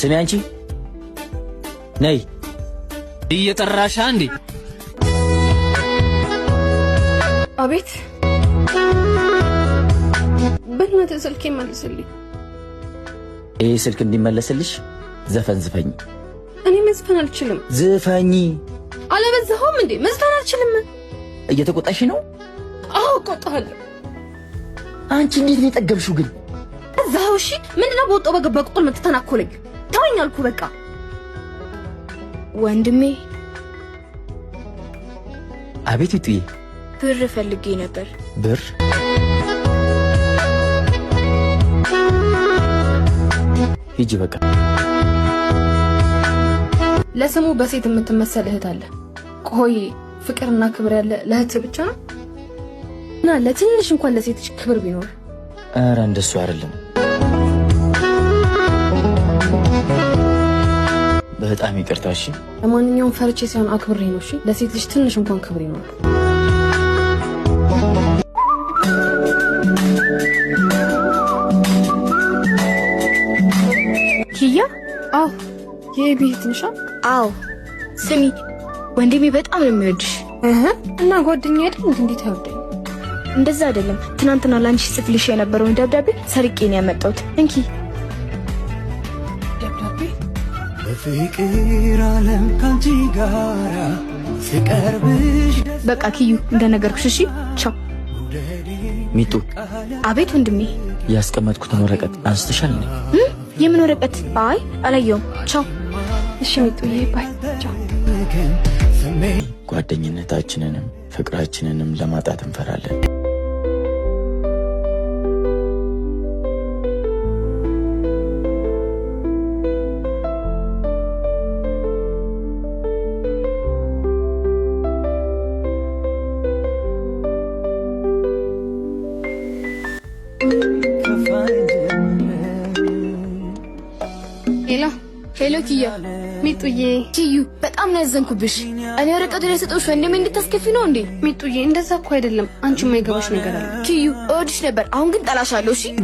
ስሚ አንቺ ነይ እየጠራሻ እንዴ? አቤት። በእናትህ ስልክ ይመልስልኝ። ይህ ስልክ እንዲመለስልሽ ዘፈን ዝፈኝ። እኔ መዝፈን አልችልም። ዝፈኝ። አለበዛሁም እንዴ? መዝፈን አልችልም። እየተቆጣሽ ነው? አዎ እቆጣለሁ። አንቺ እንዴት ነው የጠገብሽው ግን? እዛው እሺ፣ ምንድነው በወጣው በገባ ቁጥር የምትተናኮለኝ? ተወኝ አልኩ በቃ ወንድሜ። አቤት ጡዬ። ብር ፈልጌ ነበር። ብር ሂጂ በቃ። ለስሙ በሴት የምትመሰል እህት አለ። ቆይ ፍቅርና ክብር ያለ ለእህት ብቻ ነው እና ለትንሽ እንኳን ለሴት ክብር ቢኖር። እረ እንደሱ አይደለም በጣም ይቅርታ። እሺ፣ ለማንኛውም ፈርቼ ሳይሆን አክብሬ ነው። እሺ፣ ለሴት ልጅ ትንሽ እንኳን ክብሬ ነው ኪያ፣ አዎ፣ የኤቢ ትንሻ። አዎ፣ ስሚ፣ ወንድሜ በጣም ነው የሚወድሽ እና ጓደኛ አይደል? እንዴት አይወደኝ? እንደዛ አይደለም። ትናንትና ለአንቺ ጽፍልሽ የነበረውን ደብዳቤ ሰርቄ ነው ያመጣሁት። እንኪ ፍቅር አለም ካንቺ ጋራ ሲቀርብሽ በቃ ኪዩ እንደነገርኩሽ እሺ ቻው ሚጡ አቤት ወንድሜ ያስቀመጥኩትን ወረቀት አንስተሻል እንዴ የምን ወረቀት አይ አላየውም ቻው እሺ ሚጡ ባይ ቻው ጓደኝነታችንንም ፍቅራችንንም ለማጣት እንፈራለን ሄላ ሄሎ፣ ኪያ ሚጡዬ፣ ኪዩ በጣም ነው ያዘንኩብሽ። እኔ ወረቀቱ ላይ ሰጠሁሽ ወንድሜ እንድታስከፊ ነው እንዴ? ሚጡዬ፣ እንደዛ እኮ አይደለም። አንቺ የማይገባሽ ነገር አለ። ኪዩ፣ እወድሽ ነበር፣ አሁን ግን ጠላሻለሁ። እሺ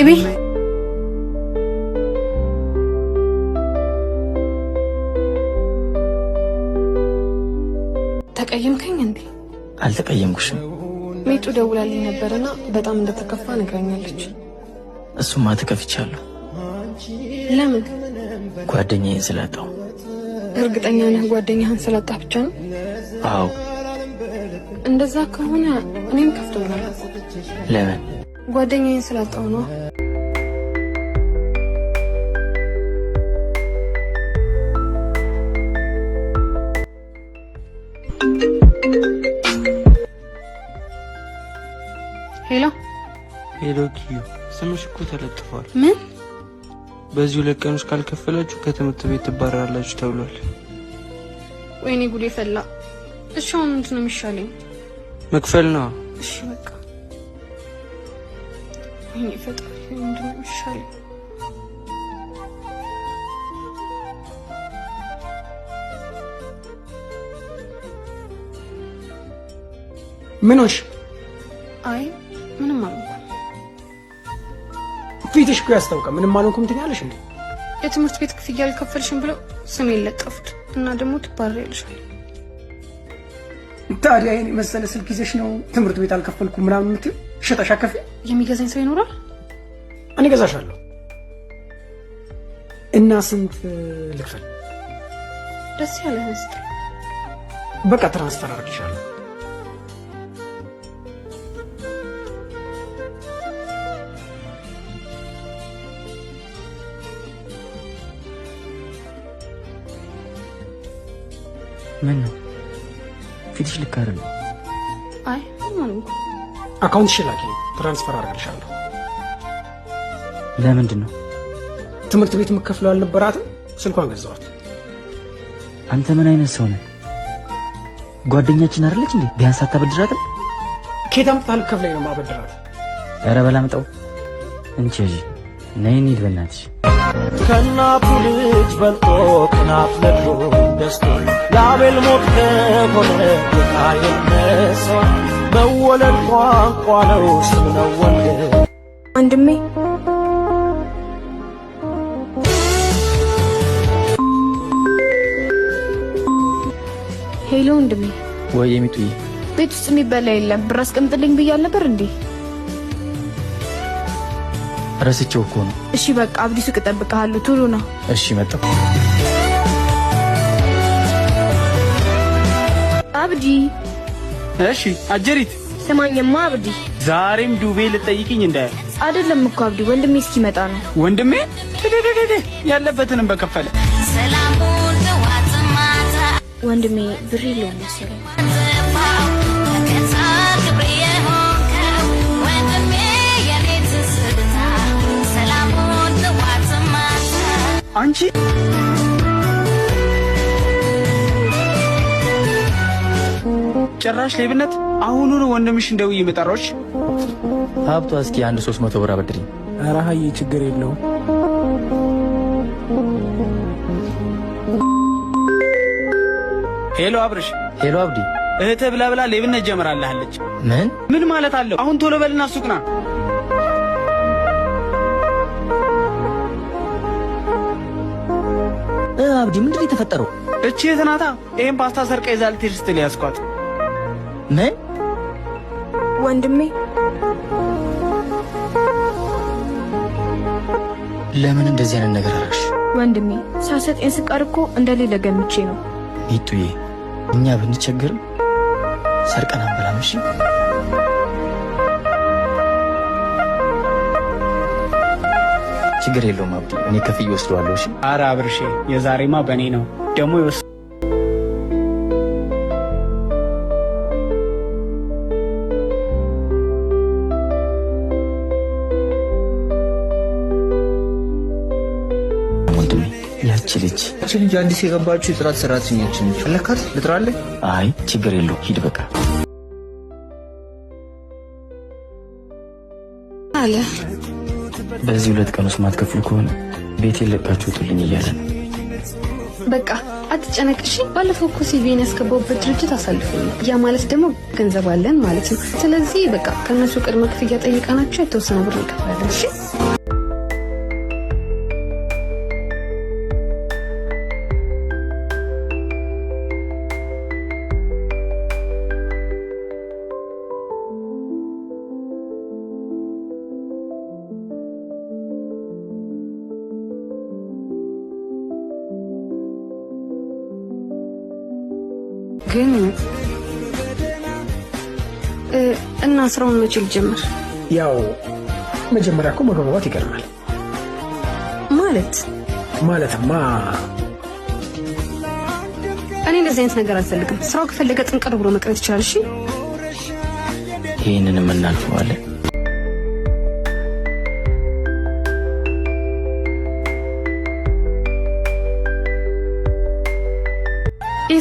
ኤቢ እንዴ? አልተቀየምኩሽም። ሜጡ ደውላልኝ ነበርና በጣም እንደተከፋ ነግራኛለች። እሱማ ተከፍቻለሁ። ለምን? ጓደኛዬን ስላጣው። እርግጠኛ ነህ ጓደኛህን ስላጣ ብቻ ነው? አዎ። እንደዛ ከሆነ እኔም ከፍቶኛል። ለምን? ጓደኛዬን ስላጣው ነው። ሄዶክዩ ስምሽ እኮ ተለጥፏል። ምን? በዚህ ሁለት ቀን ውስጥ ካልከፈላችሁ ከትምህርት ቤት ትባረራላችሁ ተብሏል። ወይኔ ጉዴ ፈላ። እሺ አሁን ምንድን ነው የሚሻለኝ? መክፈል ነው። እሺ በቃ ወይኔ ፈጣሪ፣ ምንድን ነው የሚሻለኝ? ምኖሽ? አይ ምንም አልኩ ፊትሽ እኮ ያስታውቃል። ምንም አልሆንኩም ትኛለሽ እንዴ? የትምህርት ቤት ክፍያ አልከፈልሽም ብለው ስሜ ለጠፉት እና ደግሞ ትባረሪያለሽ። ታዲያ ይሄን የመሰለ ስልክ ይዘሽ ነው ትምህርት ቤት አልከፈልኩም ምናምን የምትይው? ሸጠሻ ከፊ የሚገዛኝ ሰው ይኖራል? እኔ ገዛሻለሁ። እና ስንት ልክፈል? ደስ ያለ በቃ ትራንስፈር አድርግሻለሁ። ምን ነው ፊትሽ ልክ አይደለም። አይ አካውንት ሽላኪ ትራንስፈር አድርግልሻለሁ። ለምንድን ነው ትምህርት ቤት የምከፍለው አልነበራትም? ስልኳን ገዛዋት። አንተ ምን አይነት ሰው ነህ? ጓደኛችን አይደለች እንዴ? ቢያንስ አታበድራትም? ኬት አምጥተህ ልከፍለኝ ነው ማበድራት። ኧረ በላምጠው እንቺ ነይ እንሂድ በእናትሽ ከእናቱ ልጅ በልጦ ቅናት ለድሎ ደስቶ ለአቤል ሞት ከሆነ ጌታ የነሰው መወለድ ቋንቋ ነው ስም ነው ወልደ ወንድሜ ሄሎ ወንድሜ ወይ ቤት ውስጥ የሚበላ የለም ብር አስቀምጥልኝ ብያል ነበር እንዴ ረስቼው እኮ ነው። እሺ በቃ አብዲ ሱቅ እጠብቅሃለሁ። ቱሉ ነው። እሺ መጣሁ። አብዲ። እሺ አጀሪት ስማኝማ አብዲ፣ ዛሬም ዱቤ ልጠይቅኝ እንዳያል። አይደለም እኮ አብዲ፣ ወንድሜ እስኪመጣ ነው። ወንድሜ ትደደደደ ያለበትንም በከፈለ ወንድሜ ብር የለውም መሰለኝ አንቺ ጭራሽ ሌብነት! አሁኑኑ ወንድምሽ እንደው ይመጣሮች ሀብቷ እስኪ አንድ 300 ብር አበድሪኝ። ኧረ ሀዬ ችግር የለውም። ሄሎ አብርሽ። ሄሎ አብዲ። እህትህ ብላ ብላ ሌብነት ጀምራልሃለች። ምን ምን ማለት አለው? አሁን ቶሎ በልና ሱቅ አብዲ ምንድን የተፈጠሩ የተፈጠረው? እቺ የትናታ ይሄን ፓስታ ሰርቃ ይዛ ልትሄድ ስትል ያዝኳት። ምን ወንድሜ ለምን እንደዚህ አይነት ነገር አደረግሽ? ወንድሜ ሳሰጤን ስቀር እኮ እንደሌለ ገምቼ ነው። ሚጡዬ እኛ ብንቸግርም ሰርቀን አንበላምሽ። ችግር የለውም አብዲ፣ እኔ ከፍዬ ወስደዋለሁ። እሺ። አረ አብርሽ፣ የዛሬማ በእኔ ነው ደግሞ ያቺ ልጅ ያቺ ልጅ አዲስ የገባችው የጥራት ሰራተኛችን ነች። ለካት ልጥራለህ? አይ ችግር የለው ሂድ በቃ አለ በዚህ ሁለት ቀን ውስጥ ማትከፍሉ ከሆነ ቤቴ ለቃችሁ ጥልኝ እያለ ነው። በቃ አትጨነቅ እሺ። ባለፈው እኮ ሲቪን ያስገባውበት ድርጅት አሳልፎ ነው። ያ ማለት ደግሞ ገንዘብ አለን ማለት ነው። ስለዚህ በቃ ከእነሱ ቅድመ ክፍያ ጠይቀናቸው የተወሰነ ብር እንከፍላለን። እሺ ግን እና ስራውን መቼ ልጀምር? ያው መጀመሪያ እኮ መግባባት ይገርማል። ማለት ማለትማ እኔ እንደዚህ አይነት ነገር አልፈልግም። ስራው ከፈለገ ጥንቅር ብሎ መቅረት ይችላል። እሺ፣ ይህንንም እናልፈዋለን።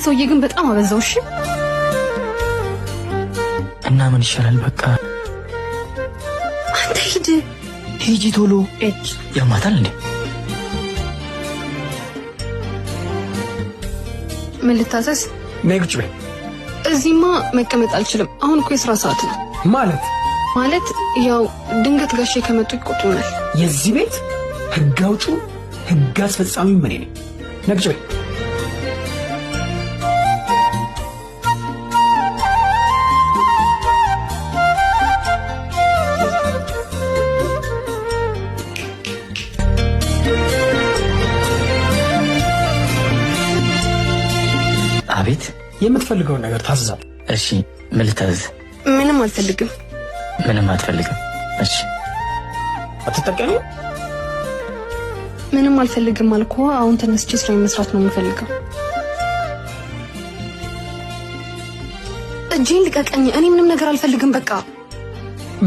ይሄ ሰውዬ ግን በጣም አበዛው። እሺ እና ምን ይሻላል? በቃ አንተ ሂድ ሂጂ፣ ቶሎ እጅ ያማታል እንዴ? ምን ልታዘዝ? ነይ ቁጭ በይ። እዚህማ መቀመጥ አልችልም። አሁን እኮ የስራ ሰዓት ነው። ማለት ማለት ያው ድንገት ጋሼ ከመጡ ይቆጡናል። የዚህ ቤት ህግ አውጪው ህግ አስፈጻሚ ምን ነኝ? ነይ ቁጭ በይ። አቤት። የምትፈልገውን ነገር ታዝዛል። እሺ፣ ምን ልታዝዝ? ምንም አልፈልግም። ምንም አትፈልግም? እሺ። አትጠቀሚ? ምንም አልፈልግም አልኮ። አሁን ተነስቼ ስራ መስራት ነው የምፈልገው። እጄን ልቀቀኝ። እኔ ምንም ነገር አልፈልግም። በቃ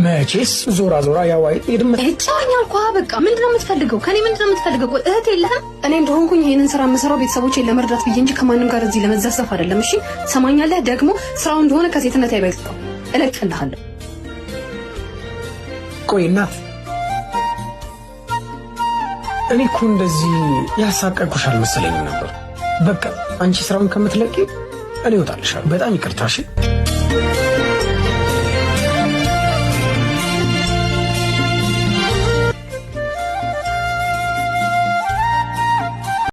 መቼስ ዞራ ዞራ ያዋይ ድም ጫዋኝ አልኳ። በቃ ምንድን የምትፈልገው? ከኔ ምንድነው ነው የምትፈልገው? እህት የለህም? እኔ እንደሆንኩኝ ይህንን ስራ የምሰራው ቤተሰቦቼን ለመርዳት ብዬ እንጂ ከማንም ጋር እዚህ ለመዘፍዘፍ አይደለም። እሺ ሰማኛለህ? ደግሞ ስራው እንደሆነ ከሴትነት አይበልጥም። እለቅልሃለሁ። ቆይ እናት፣ እኔ እኮ እንደዚህ ያሳቀቅኩሽ አልመሰለኝም ነበር። በቃ አንቺ ስራውን ከምትለቂ እኔ እወጣልሻለሁ። በጣም ይቅርታሽ